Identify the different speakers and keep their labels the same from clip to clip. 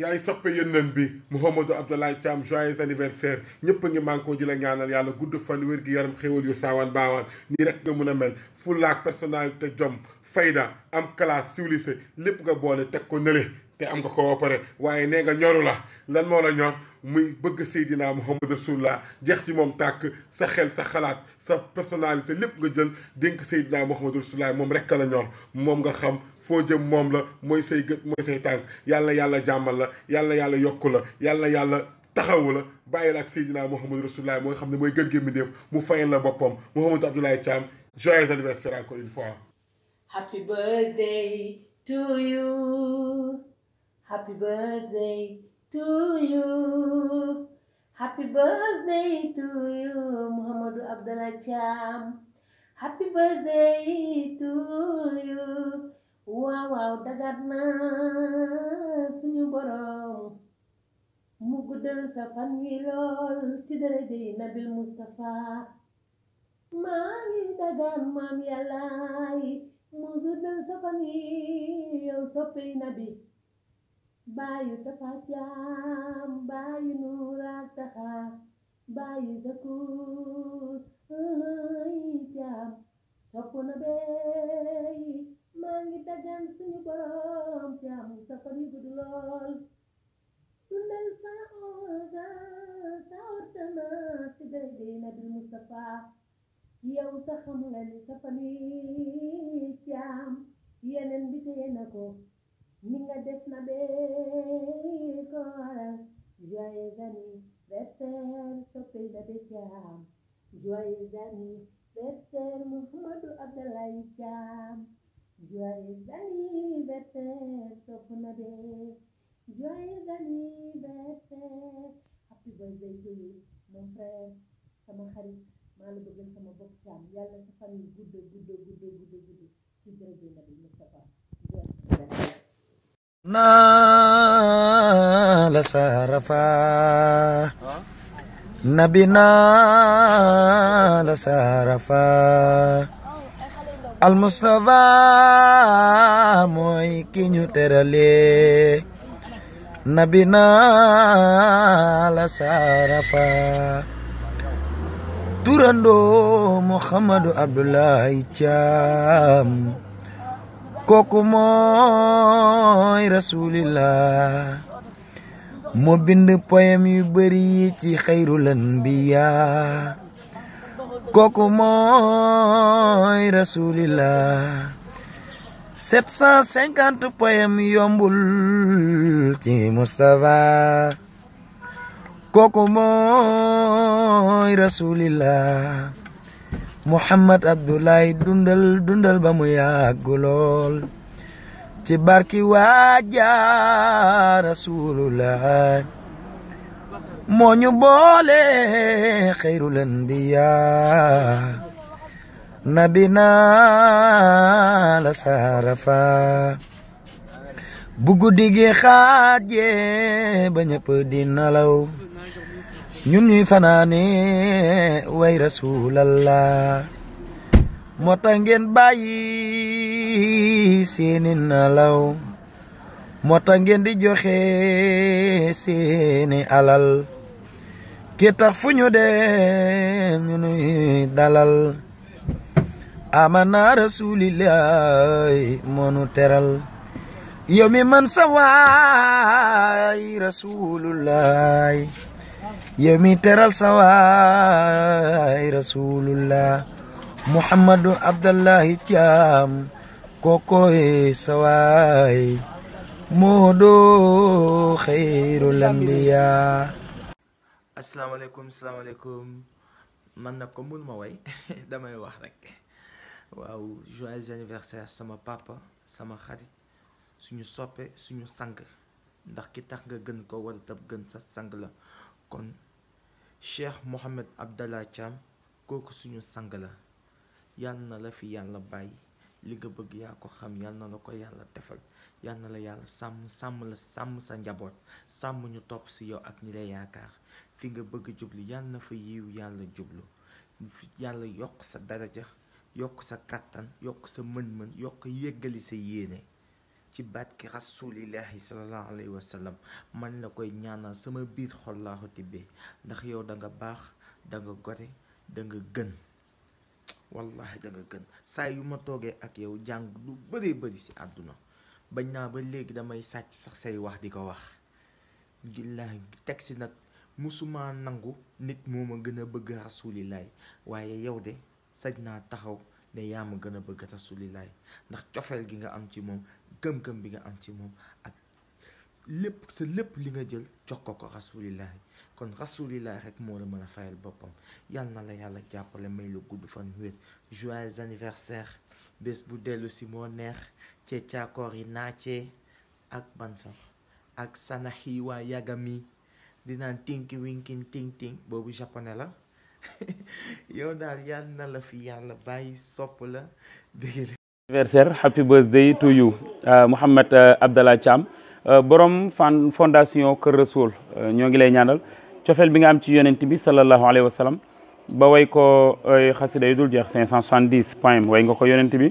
Speaker 1: yaay soppe yënnan bi Mouhamadou Abdoulaye Thiam joyeux anniversaire ñëpp a ngi mànkoo ji la ñaanal yàlla gudd fan wér gi yaram xéwal yu saawaan baawaan nii rek nga mën a mel fulaak personnalité jom fayda am classe civilisé lépp nga boole teg ko nële te am nga ko ba pare waaye nee nga ñoru la lan moo la ñor muy bëgg Seydina Mouhamadou Rasulullah jeex ci moom tàkk sa xel sa xalaat sa personnalité lépp nga jël dénk Seydina Mouhamadou Rasulullah moom rek la ñor moom nga xam foo jëm moom la mooy say gët mooy say tànk yàlla yàlla jàmmal la yàlla yàlla yokku la yàlla yàlla taxawu la bàyyi la ak Seydina Mouhamadou Rasulullah mooy xam ne mooy gën gémmi ndéef mu fayal la boppam Mouhamadou Abdoulaye Thiam joyeux anniversaire encore une fois.
Speaker 2: happy birthday to you happy birthday to you happy birthday to you Mouhamadou Abdoulaye Thiam happy birthday to you. waaw waaw dagat na suñu boroom mu guddal sa yi lool ci daraja yi nabil mustafa maa ngi maam yàllaay mu guddal sa yi yow soppe nabi baayu tafa jaam baayu nuuraat taxa baayu zakuur ay jaam sopp na تصفى yow sax xamu la ni safali caam yeneen bi téye na ko ni nga def na bee ko waral joyeux anniversaire soppey da be caam joyeux anniversaire Mouhamadou Abdoulaye Caam joyeux anniversaire sopp na bee joyeux anniversaire sama xarit maa la bëggal sama
Speaker 3: naa la saarafa nabi naa la saarafa al mooy ki ñu nabi naa la saarafa turandoo Mouhamadou Abdoulaye Thiam kooku mooy rasulillah moo bind poème yu bari ci xayrul anbiya kooku mooy rasulillah sept cent cinquante yombul ci Moustapha kooku mooy rasulillah muhammad abdullahi dundal dundal ba mu yàgg lool ci barki waaja rasulullah moo ñu boole xayrul anbiya nabina la sarafa bu guddi gi xaaje ba ñëpp di nalaw ñu ñuy fanaane way rasulallah moo tax ngeen bàyyi seeni nalaw moo tax ngeen di joxe seeni alal ki tax fu ñu dem ñu nuy dalal amana rasulillahi moonu teral yow man sa waay yow mi teral sawaay rasulullah muhammadu abdallahi caam kokoy sawaay moo doo xayrul anbiya
Speaker 4: asalaamaaleykum asalaamaaleykum man na ko ma way damay wax rek waaw joyeux anniversaire sama papa sama xarit suñu soppe suñu sang ndax ki tax nga gën ko wala tab gën sa sang la kon Cheikh Mohamed Abdallah Thiam kooku suñu sang la yal na la fi yàlla bàyyi li nga bëgg yaa ko xam yal na ko yàlla defal yal na la yàlla sàmm sàmm la sàmm sa njaboot sàmm ñu topp si yow ak ñi lay yaakaar fi nga bëgg jublu yal na fa yiw yàlla jublu yàlla yokk sa daraja yokk sa kàttan yokk sa mën-mën yokk yéggali sa yéene ci batki rasulillahi salallahu alayhi wa sallam man la koy ñaanal sama biir xol laa ko tibbee ndax yow danga baax danga nga gore da gën wallahi da gën saa yu ma toogee ak yow jàng lu bëree bari si àdduna bañ naa ba léegi damay sàcc sax say wax di ko wax gillahi teg si nag musuma nangu nit moo ma gën a bëgg rasulillahi waaye yow de saj naa taxaw ne yaa ma gën a bëgg rasulilaay ndax cofeel gi nga am ci moom gëm-gëm bi nga am ci moom ak lépp sa lépp li nga jël jox ko ko rasulilaay kon rasulilaay rek moo la mën a fayal boppam yal na la yàlla jàppale may lu gudd fan wér joyeux anniversaire bés bu dellu si moo neex cee caakoor yi naacee ak ban ak sanaxiiwaa yagami dinaan tinki winkin ting ting boobu japonais la yow daal yàlla na la fi yàlla bàyyi sopp la
Speaker 1: dégg anniversaire happy birthday to you euh, Mouhamed euh, Abdallah Thiam euh, borom fan fondation Kër Rasoul ñoo ngi lay ñaanal cofeel bi nga am ci yonent bi sallallahu alayhi wa ba way ko xasida yu dul jeex 570 poème way nga ko yonent bi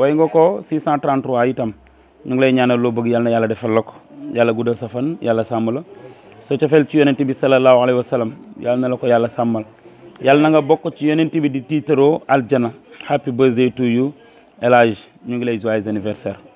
Speaker 1: way nga ko 633 itam ñoo ngi lay ñaanal loo bëgg yàlla yàlla defal la ko yàlla guddal sa fan yàlla sàmm la sa cofeel ci yonent bi salallaahu alayhi wa sallam yàlla na la ko yàlla sàmmal yàlla na nga bokk ci yonent bi di tiitaroo aljana happy birthday to you El Hadj ñu ngi lay joyeux anniversaire